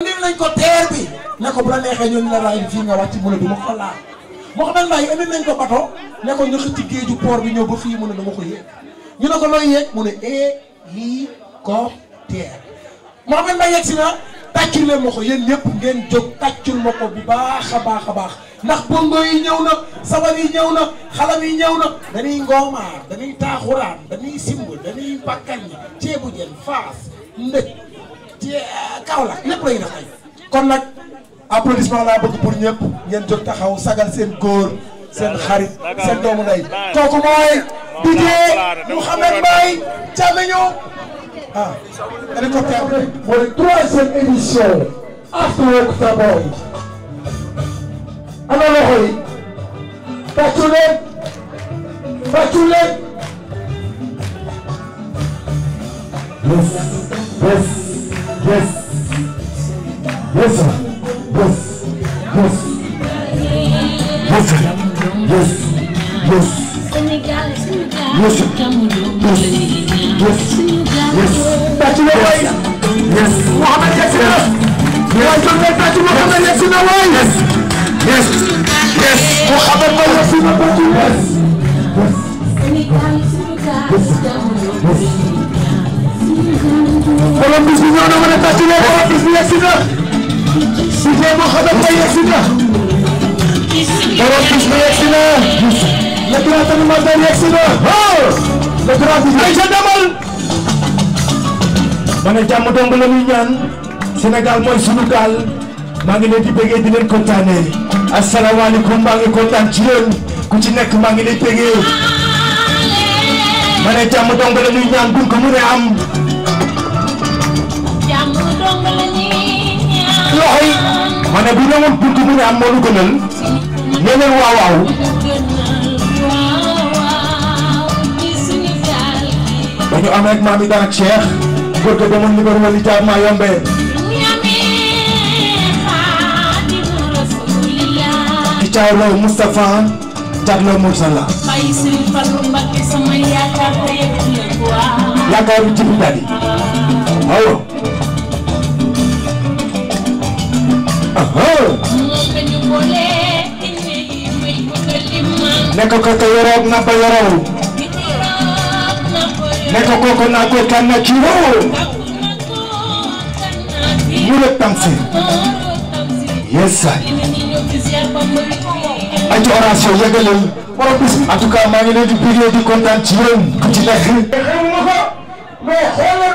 indil nañ ko teer bi ne ko bu la neexee ñooñu la raay fii nga wàcc mu ne du ma ko laal Mouhamed Mbaye indil nañ ko bato ne ko ñu xëcc géeju bi ñëw ba fii mu ne dama ko yéeg ko looy yéeg mu ne hélicoptère eh, Mouhamed Mbaye yegg si na tàccul leen ma ko yéen ñëpp ngeen jóg tàccul ma ko bu baax ndax bongo yi ñëw na sabar yi ñëw na xalam yi ñëw na dañuy ngoomaar dañuy taaxuraan dañuy simb dañuy bakkañ ceebu jën faas ndëj ci Kaolack lépp la ñuy def tey kon nag applaudissement laa bëgg pour ñëpp ngeen jóg taxaw sagal seen góor seen xarit seen doomu ndey kooku mooy DJ Mouhamed Mbaye Thiamigno ah hélicoptère mooy troisième édition Afterwork Fabboy ana loxo yi bàccu leen bàccu leen yes yes Yes. borom bis bi ñëw na mën a tàcc leen borom bis bi yegsi na ma ne jàmm dong la ñuy ñaan Sénégal mooy sunu gaal maa ngi leen di bëggee di leen kontaanee asalaamaaleykum maa ngi kontaan ci ku ci nekk maa ngi lay bëggee ma ne jàmm dong la ñuy ñaan buñ ko mënee am. loxo yi. ma bu ñu amoon buntu mu ne am moo lu gënal. nee leen dañu am rek maam yi dara Cheikh. góor ga ba mu numéro wala maa yombee. ki caawloo Moustapha Diallo bi jibi waaw. moom la ñu boole. nekk ko ko yoroon na ba yoroo. nekk kooku naa ko kan na ci woo. mu la tamsi. yes sir. aji oration yëgalal. wala bis en tout cas maa ngi leen di bëggee di kontaan ci yéen ku ci nekk. mais xoolal.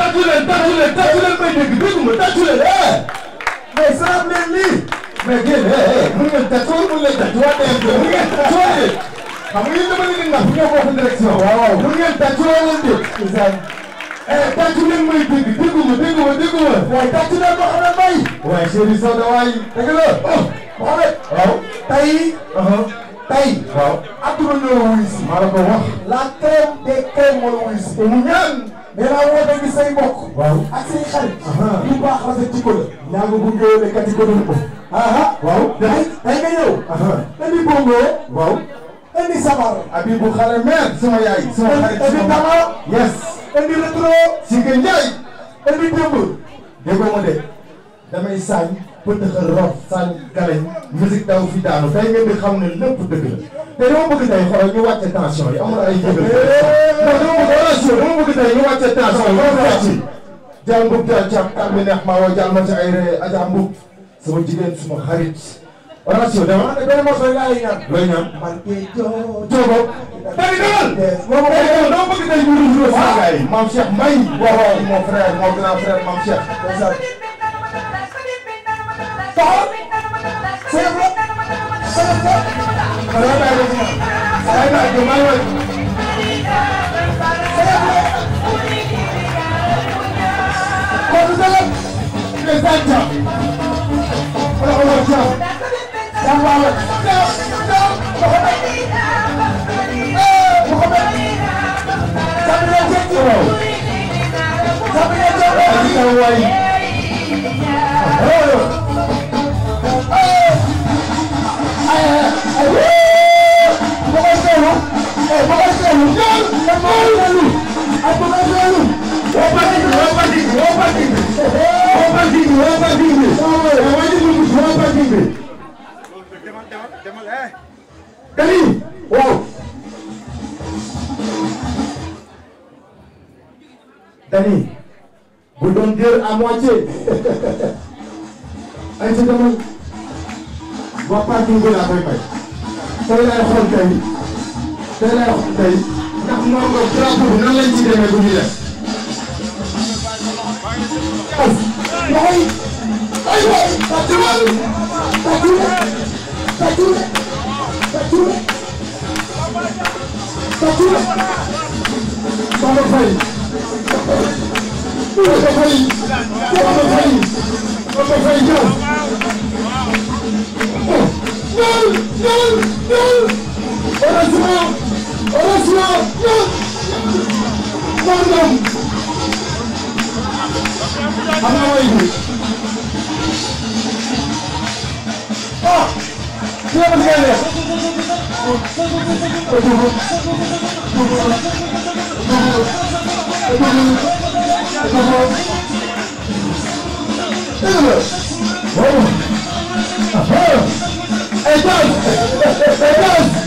tàccu leen tàccu leen tàccu leen may dégg dégguma tàccu leen eh. mais saa leen lii ngeen tàccu mun leen tàccu waa DMD mun ngeen tàccu waa déet xam nga yéen dama leen di ndax bu ñu bokk direction waaw waaw eh, waaye tàccu leen ma waaye la oh Mohamed waaw tey. tey si. maa la ko la crème des crèmes wala wuy si. mu ñaan. yéen a woote gi say mbokk. waaw ak say xarit. lu baax rafet ci ko la. ñaa nga gunge ne kati ko doon ko. waaw day day nga ñëw. indi bongo. waaw indi sabar. Habibou xale mer sama yaay. sama xarit indi tama. yes. indi retro. Sike Ndiaye. indi démb. de damay saañ. pëtëxal rob sànni galañ musique daw fi daanu tey ngeen di xam ne lépp dëgg la te dama bëgg tey xoolal ñu wàcce tension yi amul ay yëgal. non dama bëgg relation dama bëgg tey ñu wàcce tension yi loolu fekk ci. jaal mbub jaal caab kàr bi neex maa woo jaal ma ci ay ree aja mbub sama jigéen suma xarit. relation dama ne benn morceau laa lay ñaan. looy ñaan. man kay joo joo tey dëggal. tey dëggal dama bëgg tey ñu rejoué. waaw maam Cheikh Mbaye. waaw waaw mon frère mon grand frère maam Cheikh. taxaw sëñ bi sëñ bi sëñ bi. waaw waaw waaw waaye naa jëm waaye waaye. kon nag président Dia. wala wala Dia. waaw waaw waaw. Sabi na Diop. Sabi na Diop. Dani, vous donnez dire à moitié. Allez, c'est comme... Je vois pas qui vous la préparer. Soyez là, tey laa wax tey ndax moom nga drapeau bi nan lañ ci demee bu ñu def. ay ay waay tàccu na tàccu na tàccu na tàccu na tàccu na. Bamba Faye Bamba Faye Bamba Faye Bamba Faye ñëw ñëw ñëw ñëw. Heureusement, heureusement, non, non, Ah, tu vas me faire Hey, guys! Hey, guys!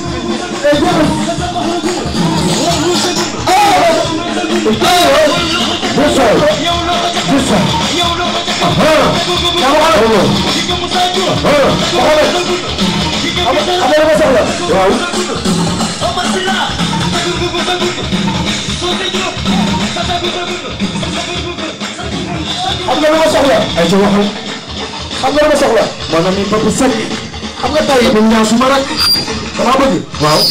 ci waxal xam nga dama soxla maanaam ni bopp sekk xam nga tey ñaan su ma rek damaa bëgg. waaw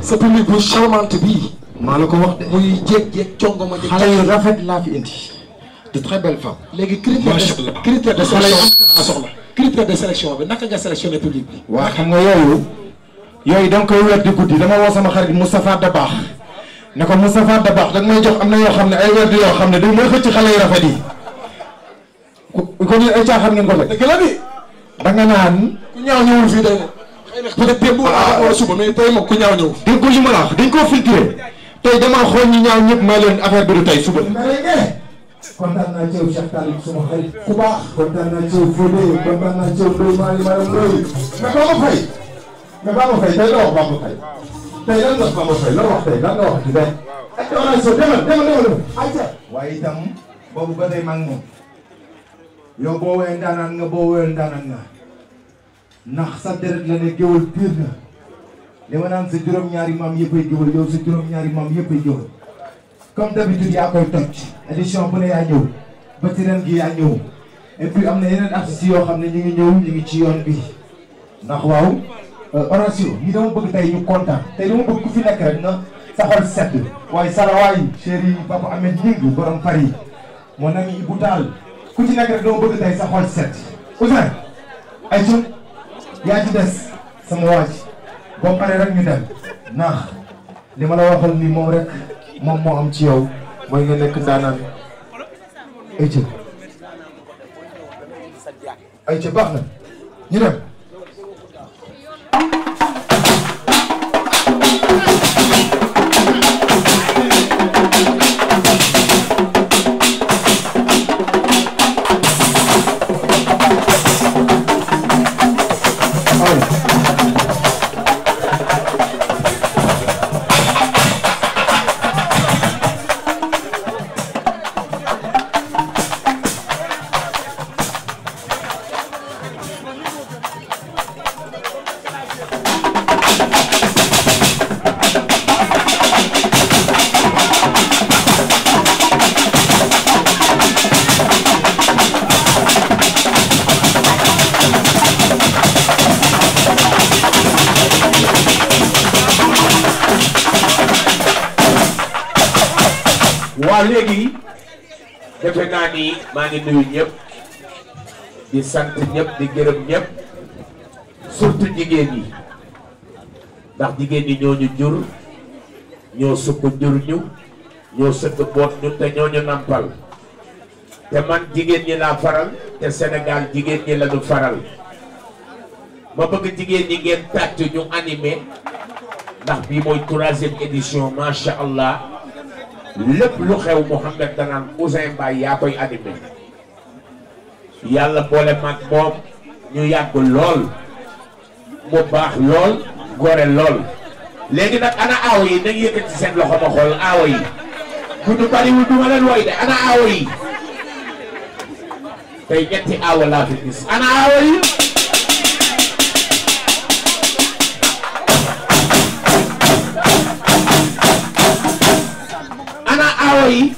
sa public bu charmante bii. maa la ko wax de. muy jéeg jéeg congo ma jéeg. xale yu rafet laa fi indi. de très belle femme. léegi critère de critère de sélection a bi naka nga sélectionné public bi. waaw xam nga yooyu. yooyu da nga koy weer di guddi dama woo sama xarit Moustapha Dabakh ne ko da nga may jox am na yoo xam ne ay weer xam ne du may xëcc xale yu rafet yi. ku ku ay caaxaan ngeen ko teg. dëgg la bi. naan. ku ñaaw ñëwul fii de. peut i démb aadama ah, wala suba mais tey moom ku ñaaw ñëw. dégg nga li ma la wax dañ koo filtré tey damaa xool ñi ñaaw ñëpp may leen affaire bi du tey suba la. kontaan ci yow Cheikh Talib sama xarit ku baax. kontaan naa ci yow Fodé kontaan naa ci yow Ndoye Mali maanaam Ndoye. mais Bamba Faye. mais Bamba Faye tey la wax Bamba Faye. tey lan la wax Bamba Faye lan la wax tey lan la wax ci benn. ak orange so demal demal demal. ayca waaye itam boobu ba tey maa ngi moom. yow boo wéyee ndaanaan nga boo wéyee ndaanaan nga. ndax sa deret la ne géwal biir na li ma naan sa juróom-ñaari maam yëpp géwal yow sa juróom-ñaari maam yëppay géwal comme d'habitude yaa koy toj édition bu ne yaa ñëw ba ci ren gi yaa ñëw et am na yeneen artistes yoo xam ne ñu ngi ñëw ñu ngi ci yoon bi ndax waaw euh, Horatio ñi dama bëgg tey ñu kontaan tey dama bëgg ku fi nekk rek na sa xol sedd waaye salawaay chéri Papa Ahmed Gningue borom Paris mon ami Ibou Tall ku ci nekk rek dama bëgg tey sa xol sedd yaa ci des sama waaj boo rek ñu dem li ma la waxal ni moom rek moom moo am ci yow mooy nga nekk ndaanaan ay ca ay ca baax na di sant ñëpp di gërëm ñëpp surtout jigéen yi ndax jigéen ñi ñoo ñu jur ñoo sukk jur ñu ñoo sëkk boot ñu te ñoo ñu nampal te man jigéen ñi laa faral te Sénégal jigéen ñi lañu faral ma bëgg jigéen ñi ngeen tàcc ñu animé ndax bii mooy troisième édition macha allah lépp lu xew Mouhamed danaan Ouzin Mbaye yaa koy animé. yàlla boole mag moom ñu yàgg lool mu baax lool gore lool léegi nag ana aaw yi nañ yëkkati seen loxo ma xool aaw yi gudd bariwul du ma woy de ana aaw yi tey ñetti aaw laa fi gis ana aaw yi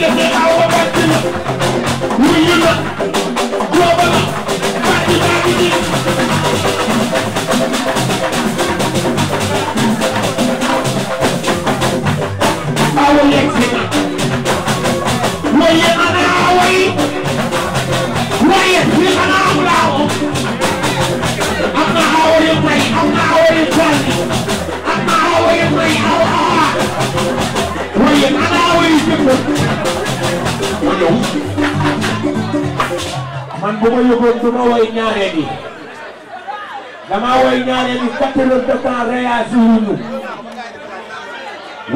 def na awa bàcc na muy ñu nag bu ma yëgoon du ma woy ñaareel yi dama woy ñaareel yi quatre heures de temps réagi wuñu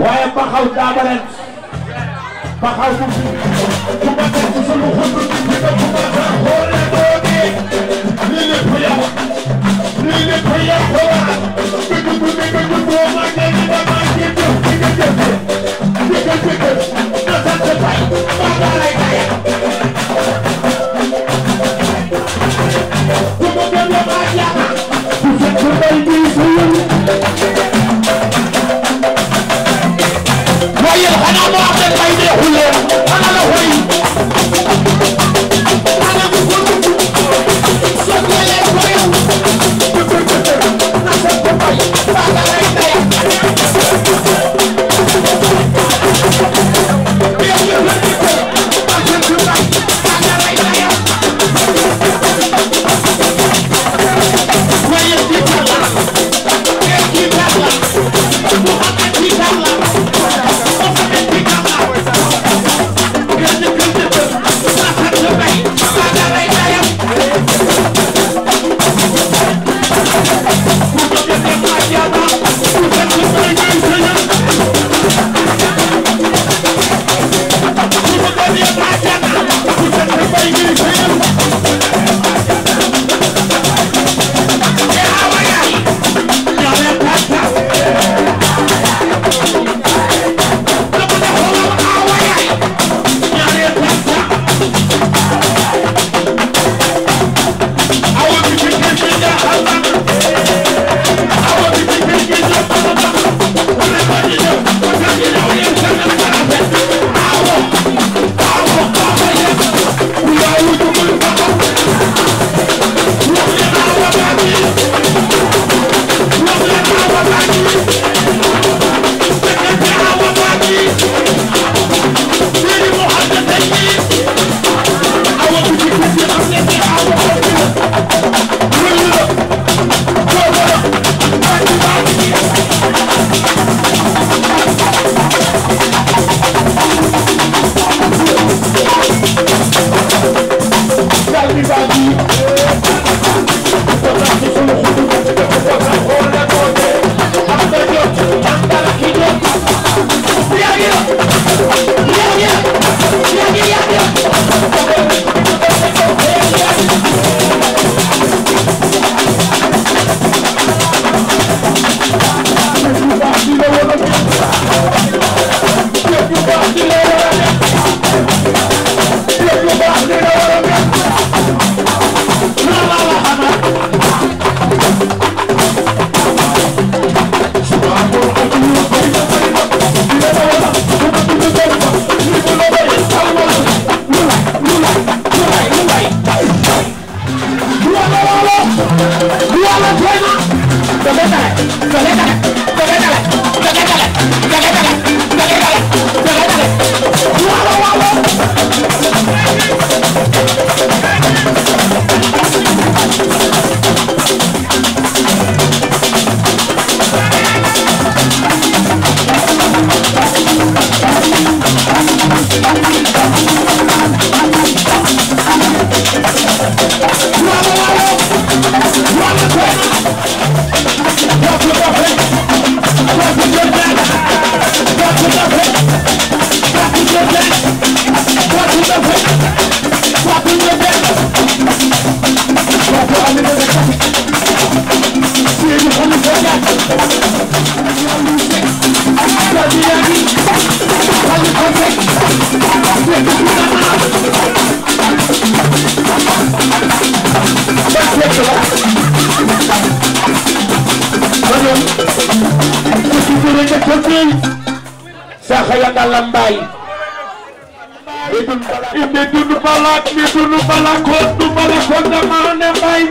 waaye baxaw daabaret baxaw bu fi bu ma def sama xund bi da bu ma taa xoole dooni lii lépp yàqu lii lépp yàqu waa bi dugg bi nga dugg boo ma jëli dama ci jëf ci nga jëf ci nga jëf na sant bay ma dalay daya waaye xanaa moo am rek fay dee xullee ana la xoy Fall mi dundu Falak mi dundu Falak ko du Falak ko dama ne mbay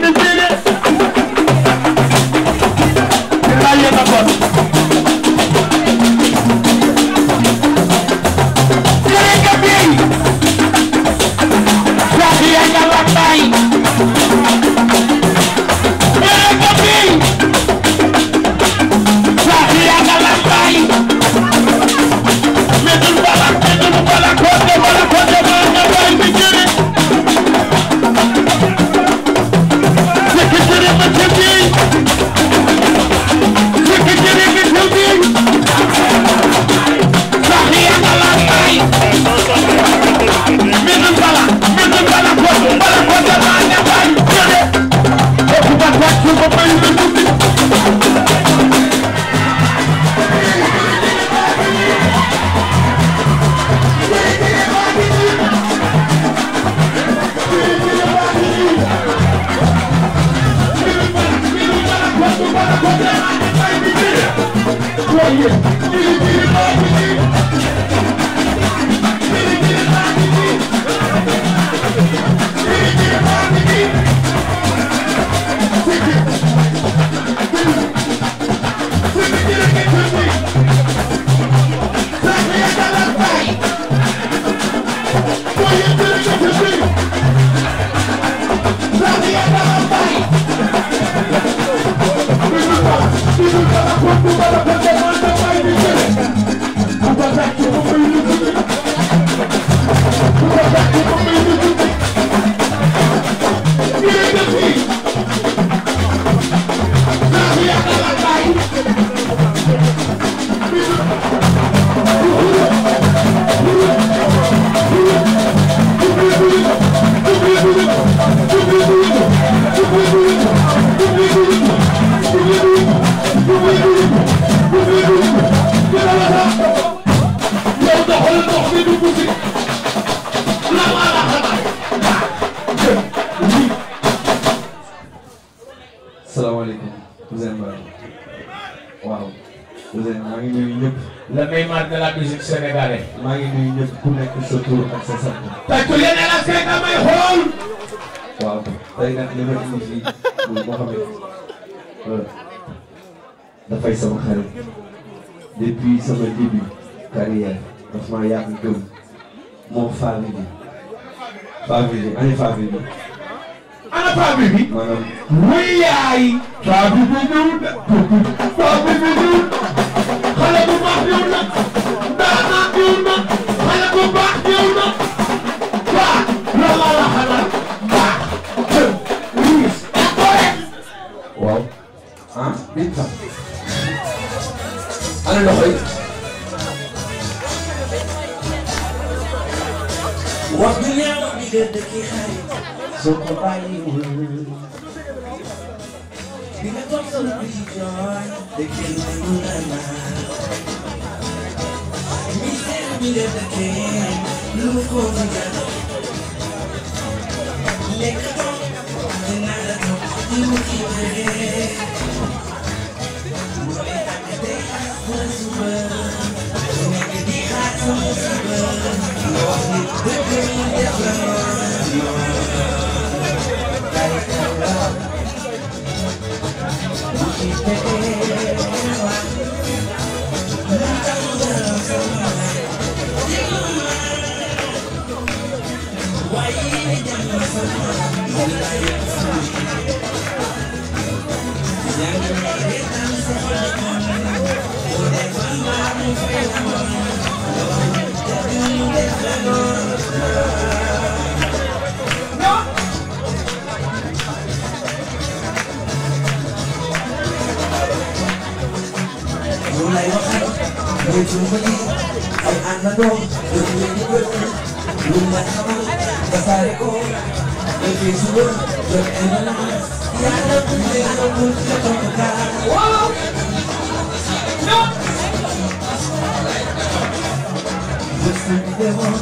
musique sénégalais maa ngi nuyu ñëpp ku nekk sa tur ak sa sant. tey ku leen El Hadj Keita may xool. waaw tey nag li ma indi fii muy Mouhamed euh, dafay sama xarit depuis sama début carrière daf maa yàgg gëm moo famille bi famille bi ana famille bi. ana famille bi. maanaam. muy yaay. famille bi ñëw na. famille bi ñëw na. xale bu baax ñëw na. Because ah, I'm so busy, John, they can't make me be there again. Look over that. Let go. Another talk. You keep your head. Make it hot, so it's a bird. We're mooy suñu mbokk yi ay àndandoo yoo xam ne ñu gën lu mu mën a mën basaare ko et puis suba jot ay mën a yàlla bu dee amul sa topp kaa. Just like the one.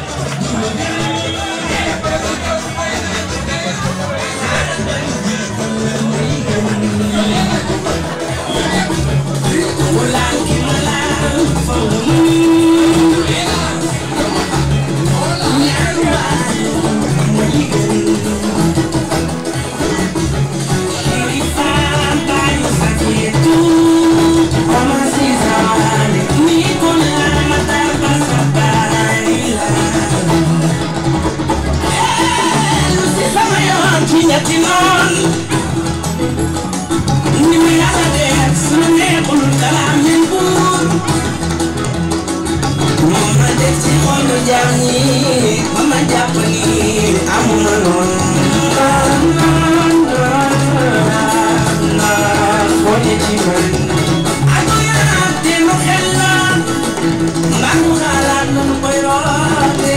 du jaam ñi ba ma jàpp ni amuma noonu boo ne ci man adu yaat te mu xel la mbaa mu xalaat noonu koy roote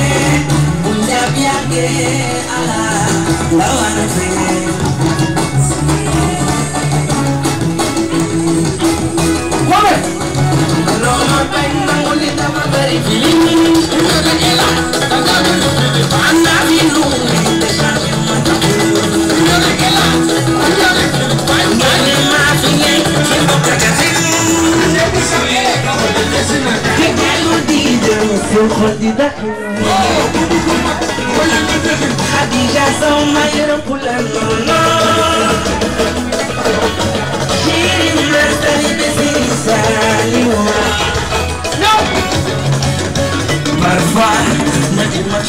bu njab yàggee ala la wana fee Khadija sama yaram kulal nono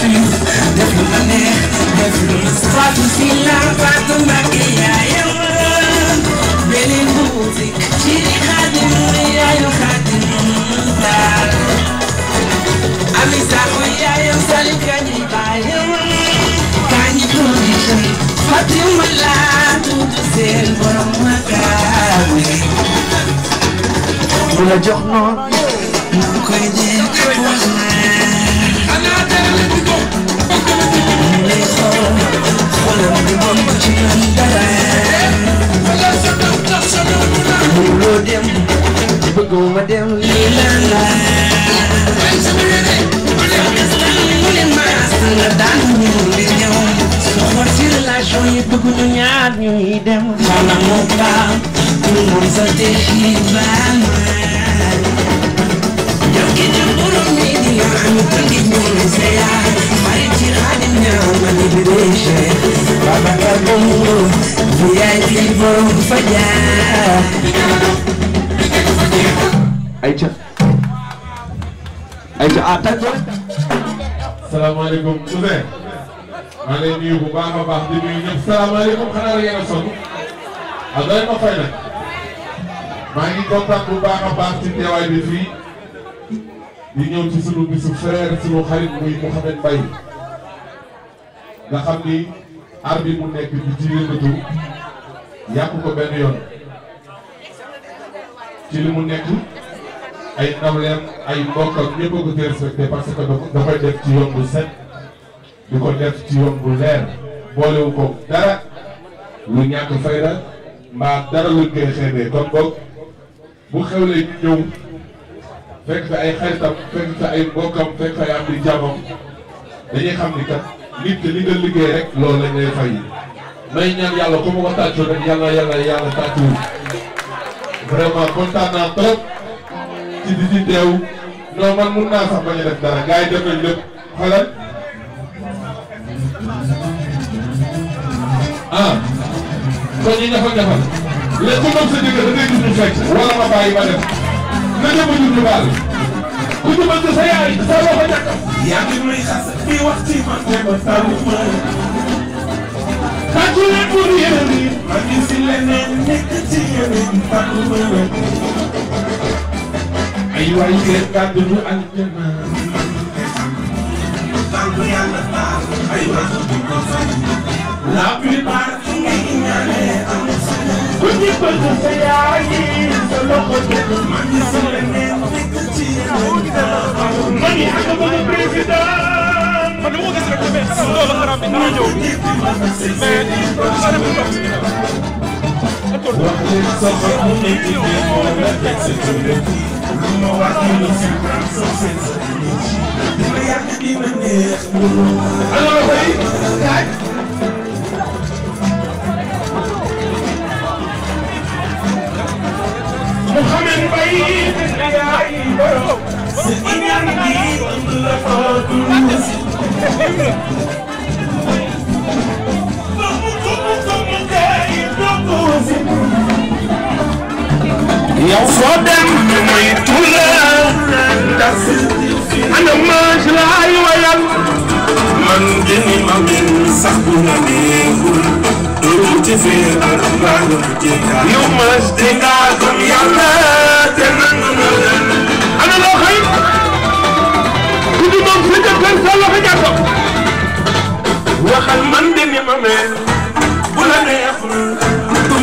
suuf def lu ma neex def lu ma neex Fatou Sylla Fatou Mbacké yaayam beneen musique ci di Xaadim yaayu Xaadim Saar Ami Sakho yaayam Sali Kanji baayam Kanji production Fatima la tudd seen borom makaame bu la jox noonu mu koy dee xolam bi bokk ci man dara mënuloo dem bëggoo ma dem lii lan la mu ne maas nga daan ñu li ñëw su xool si relation yi bëgg ñu ñaar ñu ñuy dem xanaa moo baax pour moom sa te xibaar ma ñoo ki ñu borom mi di yoo am tënk ñu ñu seyaar ayca ayca ah taj ko salaamaaleykum Ousseyn maa ngi lay nuyu bu baax a baax di nuyu ñëpp salaamaaleykum xanaa la ngeen a sonn ak doy ma fay nag maa ngi kontaan baax a baax ci teewaay bi fii di ñëw ci sunu bisu frère sunu xarit muy Mouhamed Mbaye nga xam ni ar bi mu nekk di ci yëngatu yàq ko benn yoon ci li mu nekk ay nawleem ay mbokk ak ñëpp a ko parce que da def ci bu set di ko def ci yoon bu leer boolewu ko dara lu ñàkk fayda mbaa dara luñ koy xeebee kon boog bu xewlee ñu ñëw fekk fa ay xaritam fekk fa ay mbokkam fekk fa ay am di jàmmam dañuy xam ni kat. nit ki li nga liggéey rek loolu lañ lay fay may ñaan yàlla ku ma ko tàccu rek yàlla yàlla yàlla tàccu vraiment naa trop ci di ci teew non man mun naa sax bañ a def dara gars yi def nañ lépp xoolal ah kon ñu ñafal ñafal léegi ku moom sa jëkkër ma bàyyi ma def na ñëpp a ñu baal ku ci bëgg sa yaay sa loxo ñàkk. yaa ngi may xas di wax ci man ne ma taw ma. tàccu leen pour yeneen yi. ma ngi si leneen nekk ci yeneen taw ma la. ay waay seen kàddu du aljana. tànk yàlla baal ay wax bu ko fay. la plupart ki ngay ñaanee am solo. ku ci bëgg sa yaay sa loxo ñàkk. ma ngi si leneen nekk ci mani ana bëgg président man dama ko gis rek mais xanaa loolu xaraam bi dara ñëw mais xanaa bi toog alors tey Mouhamed Mbaye yow foo dem ñu may tuula tas ana maaj laay wayal man dini ma min sax bu ma neexul dootu ci fee ak mbaalu jéegaal yow maaj déngaa gëm yàlla te nangu na leen ana loo xëy ku ci moom sa jëkkër sa loxo jàpp waxal man de ni ma mel du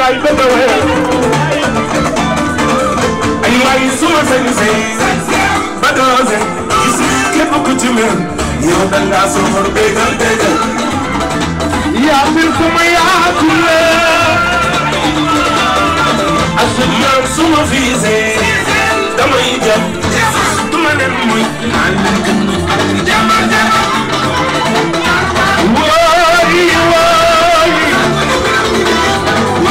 laay bëgg a ay waay su ma sañsee ba doose gis képp ku ci mel yow da ngaa soxor bégal bégal yaa mbir ku ma yaatule asumaan su ma fiisee damay jëm du ma dem muy jamal jamal wóoyi wóoyi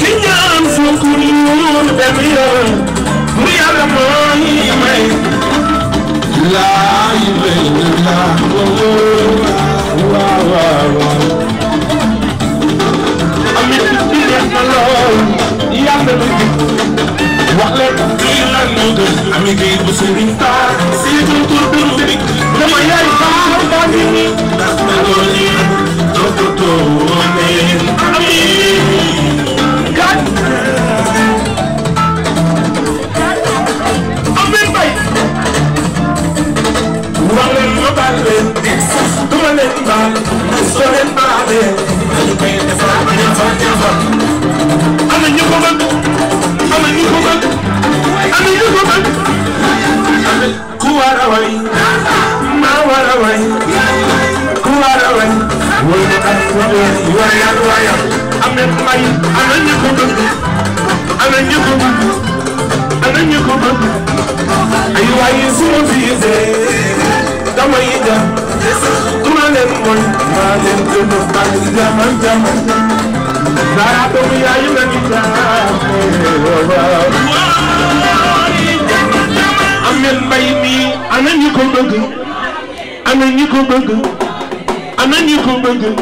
ki ñaan suukul yuun benn yoon mu yàlla mooy may laa ilay laa waaw waaw waaw amit bi neex na lool yàlla na gis wax leen lii lan moo gën amit bi bu sëriñ taar siitul tur bi mu sëriñ dama yaay baax baax ni tas na lool yi toppatoo woon baal leen du ma leen baal soo leen baalee dañu koy defar defar defar ana ñu ko bëgg ana ñu ko bëgg ana ñu ko bëgg ku war a way maa war a way ku war a way wala ak wala wayal wayal am may ana ñu ko bëgg ana ñu ko bëgg ana ñu ko bëgg ay waay su ma fiisee damay dem du ma ko bëgg ana ñi ko ko bëgg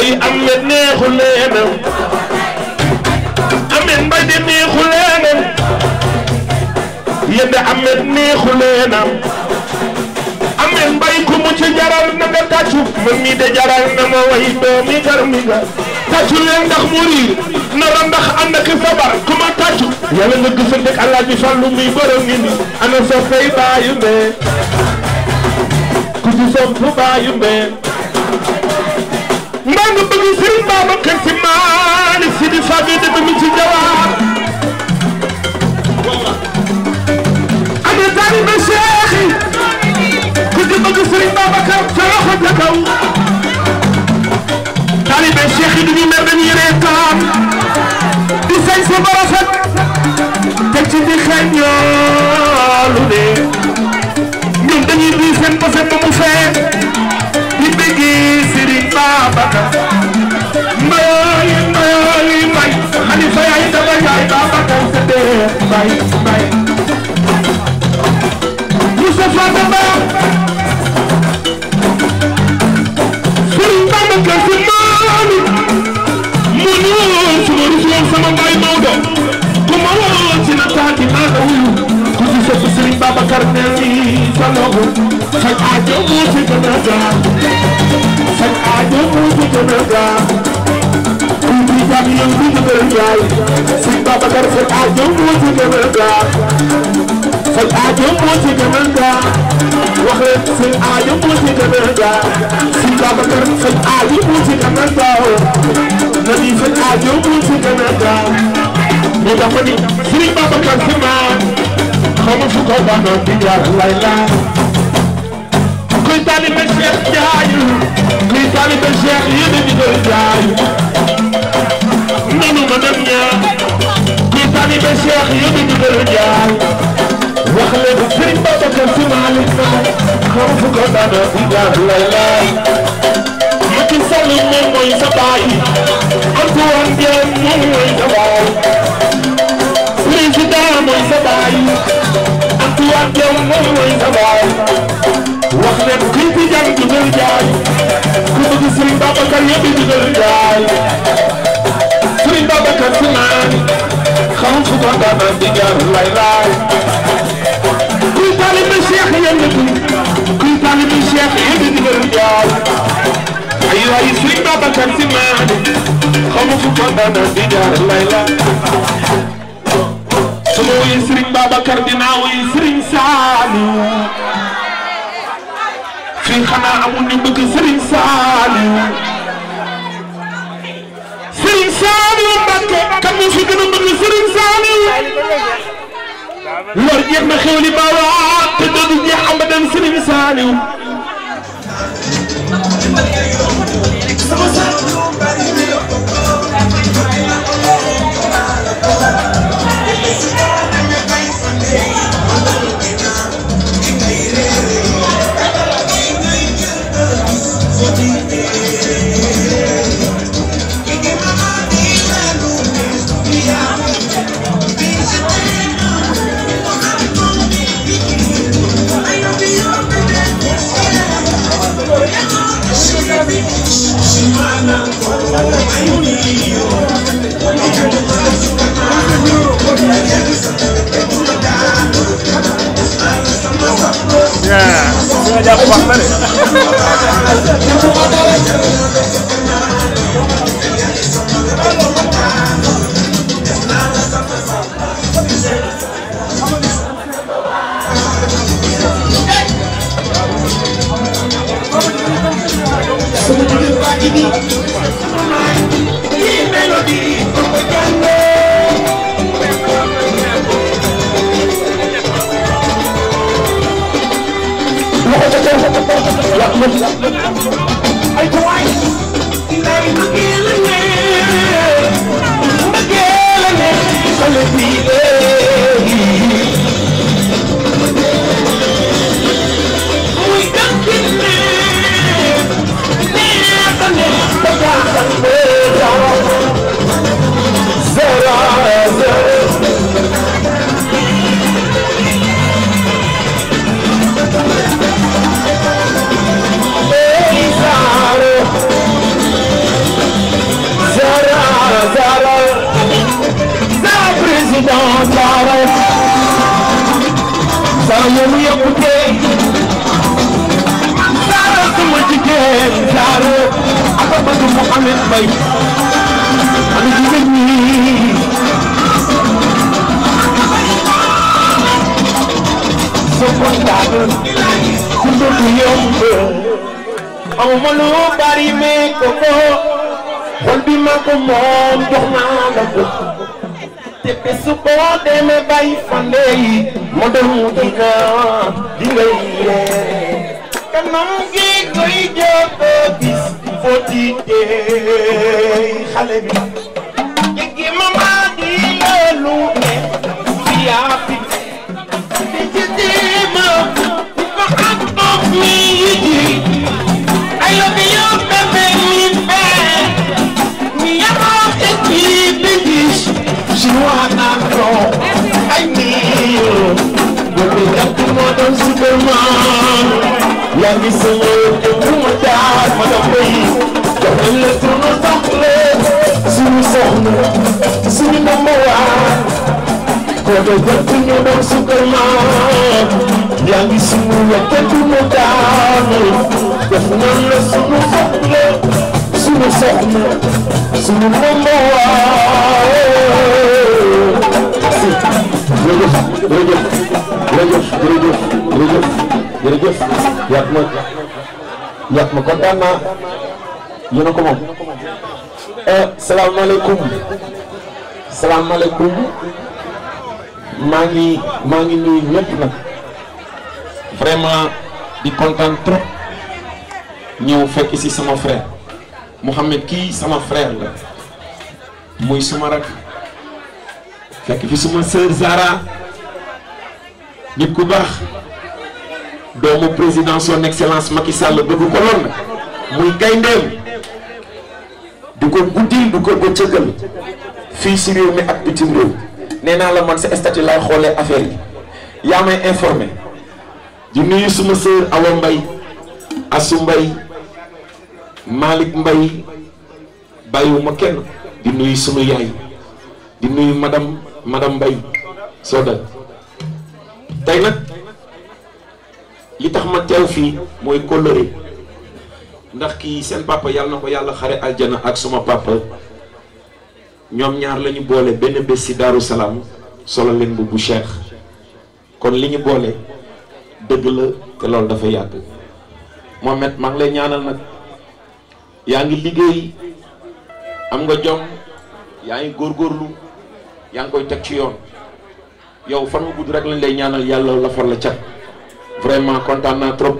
ay am leen neexu leenam am leen mbay de neexu min mbay ku mucc jaral na nga tàccu man mii de jaral na ma way doomi garmi nga tàccu leen ndax mu riir nara ndax ànd ak sabar ku ma tàccu yàlla nga gisante ak Alaaji Fallu muy borom nit ñi ana soppay baayu mbee ku ci sopp baayu mbee mbaa nga bëgg Sëriñ Babacar Si Maalik Si di fàgg de mi ci jawaar ana taalibe Cheikh bëgg bëgg Serigne Babacar sa loxo ca kaw taalibe cheikh yi du ñu mer dañuy reetaan di sañ sa ba rafet te ci di xeeñ yoolu de ñoom dañuy duy seen ba seen ba mu feet di bëggi Serigne Babacar mbay mbay mbay xalifa yaay dama yaay sa dee mbay Moustapha Bamba Serigne Babacar Sy maami mu ñu woon suma rus woon sama baay Maodo ku ma woon ci na taati maa nga wuyu ku ci sëpp Serigne Babacar ne nii sa loxo saj aajo moo ci gën a gaaw saj aajo moo ci gën a gaaw kuy bi jàmm yow bi ñu gën a jaay Serigne Babacar saj aajo moo ci gën a gaaw ay aajo a gaaw wax leen seen a gaaw si Babacar seen aajo a a ma fu ko baaxoon di a ngi koy jaay nanu wax leen Sëriñ Babacar Si Maalik na xam fu ko dana ijaab lay laay Macky Sall ne mooy sa baay Antoine Dieng moom mooy sa baay président mooy sa baay Antoine Dieng moom mooy sa baay wax leen kuy fi jàng dugal ku bëgg Sëriñ Babacar yëpp dugal jaay Sëriñ Babacar Si Maalik xam fu ko dana ijaab lay laay taalibe Cheikh yëngatu kuy taalibe Cheikh yëngatu ba lu jaay ay waay Sëriñ Babacar Si maani xamu fu ko dana di jaar lay la su ma wuyu Sëriñ Babacar dinaa wuyu Sëriñ Saaliw fii xanaa amul ñu bëgg Sëriñ Saaliw Sëriñ Saaliw Mbàkke kan mu fi gën ni sama yoon sunu tàmbale sunu soxna sunu number ko do jot ñu doon sukkar maam yaa ngi sunu wette du ma daanu jox leen la sunu tàmbale sunu soxna sunu number one jërëjëf jërëjëf jërëjëf jërëjëf jërëjëf yàgg ma yàgg ma kontaan naa yéen ko moom. Eh, salaamaaleykum salaamaaleykum maa ngi maa ngi nuyu ñëpp nag vraiment di kontaan trop ñëw fekk ci sama frère Mouhamed kii sama frère la muy suma rak fekk fi suma sœur Zara nit ku baax. doomu président son excellence Macky Sall bëgg ko muy gayndeem du ko guddi du ko bëccëgal fii si réew mi ak bitim réew nee naa la man sa statut lay xoolee affaire yi yaa may informé di nuyu suma sœur Awa Mbaye Assou Mbaye Malick Mbaye bàyyiwuma kenn di nuyu suma yaay di nuyu madame madame Mbaye soo tey nag li tax ma teew fii mooy kóllëre ndax kii seen papa yàlla na ko yàlla xare aljana ak suma papa ñoom ñaar la boole benn bés si daaru salaam solo leen bu bu cheikh kon li ñu boole dëgg la te loolu dafa yàgg Mohamed maa ngi lay ñaanal nag yaa ngi liggéey am nga jom yaa ngi góor góorlu yaa ngi koy teg ci yoon yow fan mu gudd rek lañ lay ñaanal yàlla lafar la cat vraiment kontaan naa trop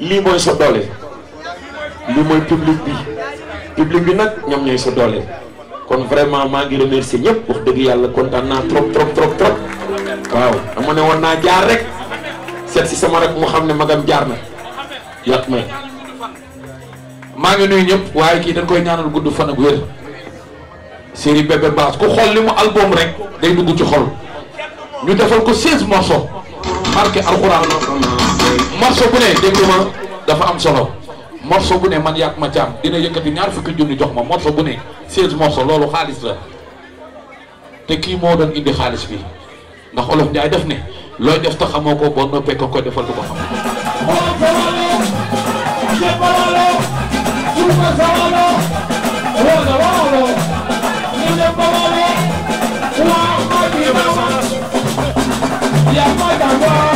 lii mooy sa doole lii mooy public bi public bi nag ñoom ñooy sa doole kon vraiment maa ngi si ñépp wax dëgg yàlla kontaan naa trop trop trop trop waaw dama ne woon naa jaar rek seet si sama rek mu xam ne magam jaar na yàq may maa ngi nuyu ñëpp waaye kii dañ koy ñaanal gudd fan ak wér série bébé baas ku xool li mu album rek day dugg ci xol ñu defal ko 16 morceaux marqué alxuraan morceau bu ne déglu ma dafa am solo morceau bu ne man yàgg ma caam dina yëkkati ñaar fukki junni jox ma morceau bu ne seize morceau loolu xaalis la te kii moo doon indi xaalis bi ndax olof Njaay def ne looy def ta xamoo ko boo noppee ko defal du ko xam Yeah, my God.